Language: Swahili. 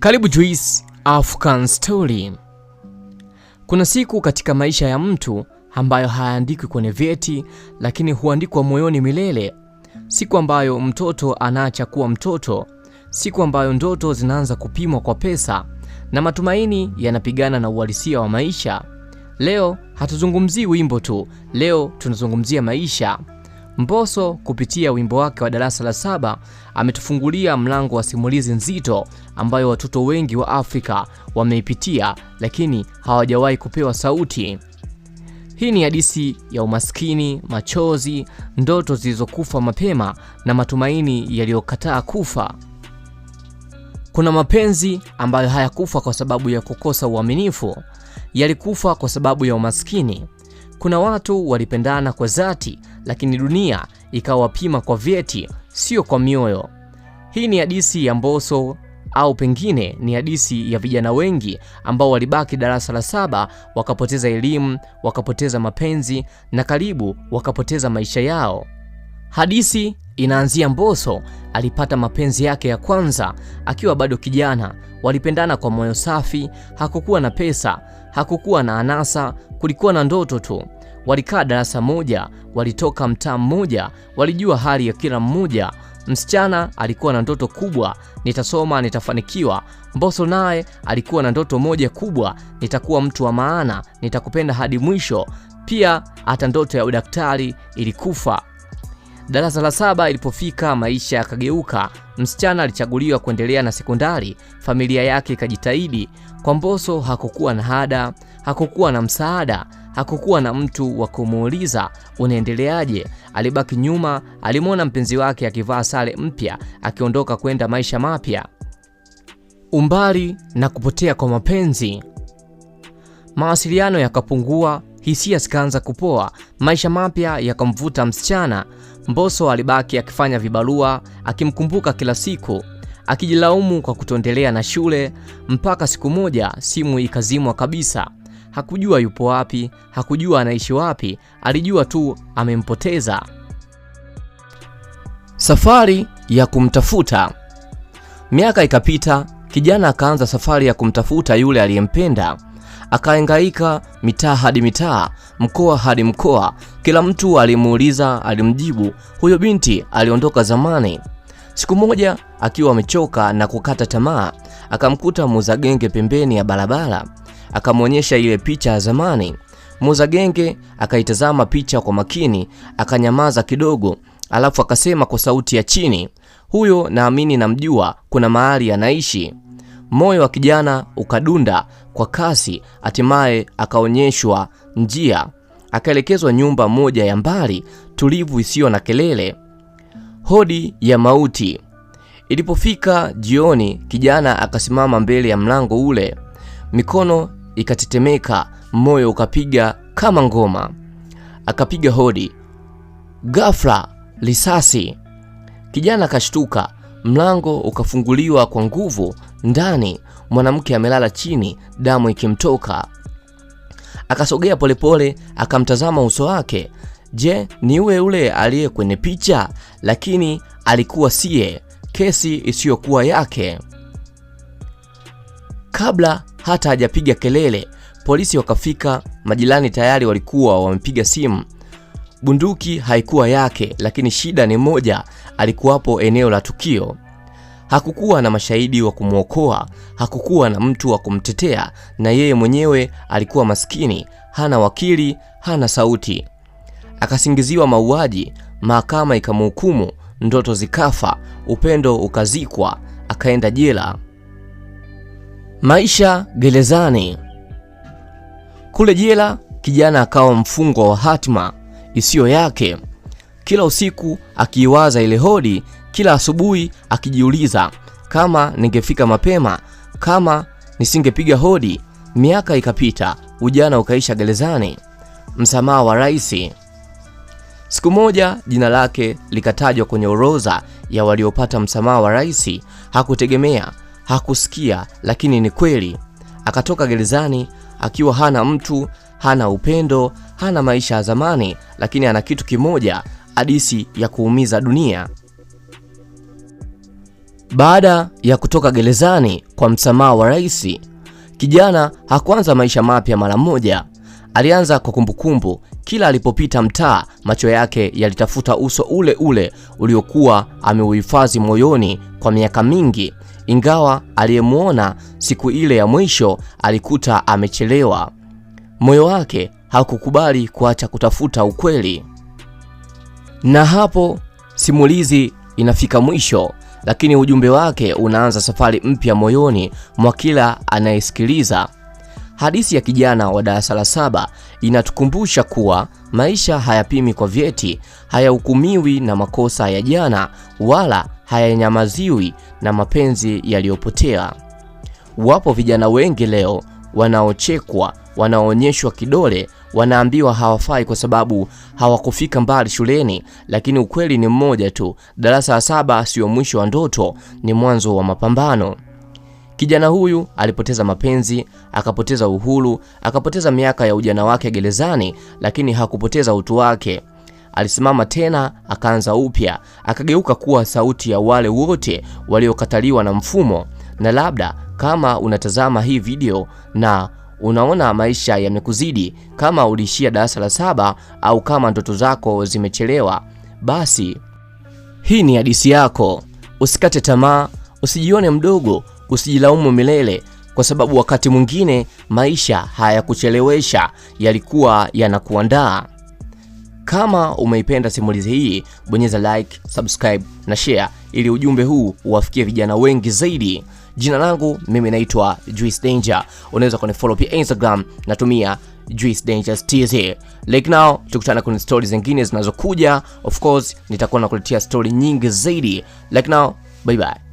Karibu Juice African Story. Kuna siku katika maisha ya mtu ambayo hayaandikwi kwenye vyeti, lakini huandikwa moyoni milele. Siku ambayo mtoto anaacha kuwa mtoto, siku ambayo ndoto zinaanza kupimwa kwa pesa na matumaini yanapigana na uhalisia wa maisha. Leo hatuzungumzii wimbo tu, leo tunazungumzia maisha. Mbosso kupitia wimbo wake wa darasa la saba ametufungulia mlango wa simulizi nzito ambayo watoto wengi wa Afrika wameipitia lakini hawajawahi kupewa sauti. Hii ni hadithi ya umaskini, machozi, ndoto zilizokufa mapema na matumaini yaliyokataa kufa. Kuna mapenzi ambayo hayakufa kwa sababu ya kukosa uaminifu, yalikufa kwa sababu ya umaskini. Kuna watu walipendana kwa dhati, lakini dunia ikawapima kwa vyeti, sio kwa mioyo. Hii ni hadisi ya Mbosso au pengine ni hadisi ya vijana wengi ambao walibaki darasa la saba wakapoteza elimu, wakapoteza mapenzi na karibu wakapoteza maisha yao. Hadisi inaanzia Mbosso alipata mapenzi yake ya kwanza akiwa bado kijana. Walipendana kwa moyo safi, hakukuwa na pesa, hakukuwa na anasa, kulikuwa na ndoto tu walikaa darasa moja, walitoka mtaa mmoja, walijua hali ya kila mmoja. Msichana alikuwa na ndoto kubwa, nitasoma nitafanikiwa. mboso naye alikuwa na ndoto moja kubwa, nitakuwa mtu wa maana, nitakupenda hadi mwisho. Pia hata ndoto ya udaktari ilikufa. Darasa la saba ilipofika, maisha yakageuka. Msichana alichaguliwa kuendelea na sekondari, familia yake ikajitahidi. Kwa Mbosso hakukuwa na ada, hakukuwa na msaada, hakukuwa na mtu wa kumuuliza unaendeleaje. Alibaki nyuma, alimwona mpenzi wake akivaa sare mpya, akiondoka kwenda maisha mapya. Umbali na kupotea kwa mapenzi, mawasiliano yakapungua, hisia zikaanza kupoa, maisha mapya yakamvuta msichana. Mbosso alibaki akifanya vibarua, akimkumbuka kila siku, akijilaumu kwa kutondelea na shule, mpaka siku moja simu ikazimwa kabisa. Hakujua yupo wapi, hakujua anaishi wapi, alijua tu amempoteza. Safari ya kumtafuta. Miaka ikapita, kijana akaanza safari ya kumtafuta yule aliyempenda akaangaika mitaa hadi mitaa, mkoa hadi mkoa. Kila mtu alimuuliza, alimjibu huyo binti aliondoka zamani. Siku moja akiwa amechoka na kukata tamaa, akamkuta muuza genge pembeni ya barabara, akamwonyesha ile picha ya zamani. Muuza genge akaitazama picha kwa makini, akanyamaza kidogo, alafu akasema kwa sauti ya chini, huyo naamini namjua, kuna mahali anaishi. Moyo wa kijana ukadunda kwa kasi, hatimaye akaonyeshwa njia, akaelekezwa nyumba moja ya mbali tulivu, isiyo na kelele, hodi ya mauti. Ilipofika jioni, kijana akasimama mbele ya mlango ule, mikono ikatetemeka, moyo ukapiga kama ngoma, akapiga hodi. Ghafla risasi! Kijana akashtuka, Mlango ukafunguliwa kwa nguvu, ndani mwanamke amelala chini, damu ikimtoka. Akasogea polepole, akamtazama uso wake. Je, ni yule yule aliye kwenye picha? Lakini alikuwa siye, kesi isiyokuwa yake. Kabla hata hajapiga kelele, polisi wakafika. Majirani tayari walikuwa wamepiga simu. Bunduki haikuwa yake, lakini shida ni moja, alikuwapo eneo la tukio. Hakukuwa na mashahidi wa kumwokoa, hakukuwa na mtu wa kumtetea, na yeye mwenyewe alikuwa maskini, hana wakili, hana sauti. Akasingiziwa mauaji, mahakama ikamhukumu, ndoto zikafa, upendo ukazikwa, akaenda jela. Maisha gerezani. Kule jela kijana akawa mfungwa wa hatima isiyo yake kila usiku akiiwaza ile hodi, kila asubuhi akijiuliza, kama ningefika mapema, kama nisingepiga hodi. Miaka ikapita, ujana ukaisha gerezani, msamaha wa raisi Siku moja jina lake likatajwa kwenye orodha ya waliopata msamaha wa raisi Hakutegemea, hakusikia, lakini ni kweli. Akatoka gerezani akiwa hana mtu, hana upendo, hana maisha ya zamani, lakini ana kitu kimoja hadisi ya kuumiza dunia. Baada ya kutoka gerezani kwa msamaha wa rais, kijana hakuanza maisha mapya mara moja. Alianza kwa kumbukumbu. Kila alipopita mtaa, macho yake yalitafuta uso ule ule uliokuwa ameuhifadhi moyoni kwa miaka mingi, ingawa aliyemwona siku ile ya mwisho alikuta amechelewa. Moyo wake hakukubali kuacha kutafuta ukweli. Na hapo simulizi inafika mwisho, lakini ujumbe wake unaanza safari mpya moyoni mwa kila anayesikiliza. Hadithi ya kijana wa darasa la saba inatukumbusha kuwa maisha hayapimi kwa vyeti, hayahukumiwi na makosa ya jana, wala hayanyamaziwi na mapenzi yaliyopotea. Wapo vijana wengi leo wanaochekwa, wanaoonyeshwa kidole, wanaambiwa hawafai kwa sababu hawakufika mbali shuleni, lakini ukweli ni mmoja tu: darasa la saba sio mwisho wa ndoto, ni mwanzo wa mapambano. Kijana huyu alipoteza mapenzi, akapoteza uhuru, akapoteza miaka ya ujana wake gerezani, lakini hakupoteza utu wake. Alisimama tena, akaanza upya, akageuka kuwa sauti ya wale wote waliokataliwa na mfumo, na labda kama unatazama hii video na unaona maisha yamekuzidi, kama uliishia darasa la saba au kama ndoto zako zimechelewa, basi hii ni hadithi yako. Usikate tamaa, usijione mdogo, usijilaumu milele, kwa sababu wakati mwingine maisha hayakuchelewesha, yalikuwa yanakuandaa. Kama umeipenda simulizi hii, bonyeza like, subscribe na share ili ujumbe huu uwafikie vijana wengi zaidi. Jina langu mimi naitwa Juice Danger. Unaweza kunifollow pia Instagram, natumia Juice Dangers TZ. Like now tukutana kwenye stori zingine zinazokuja. Of course nitakuwa nakuletea stori nyingi zaidi. Like now, bye bye.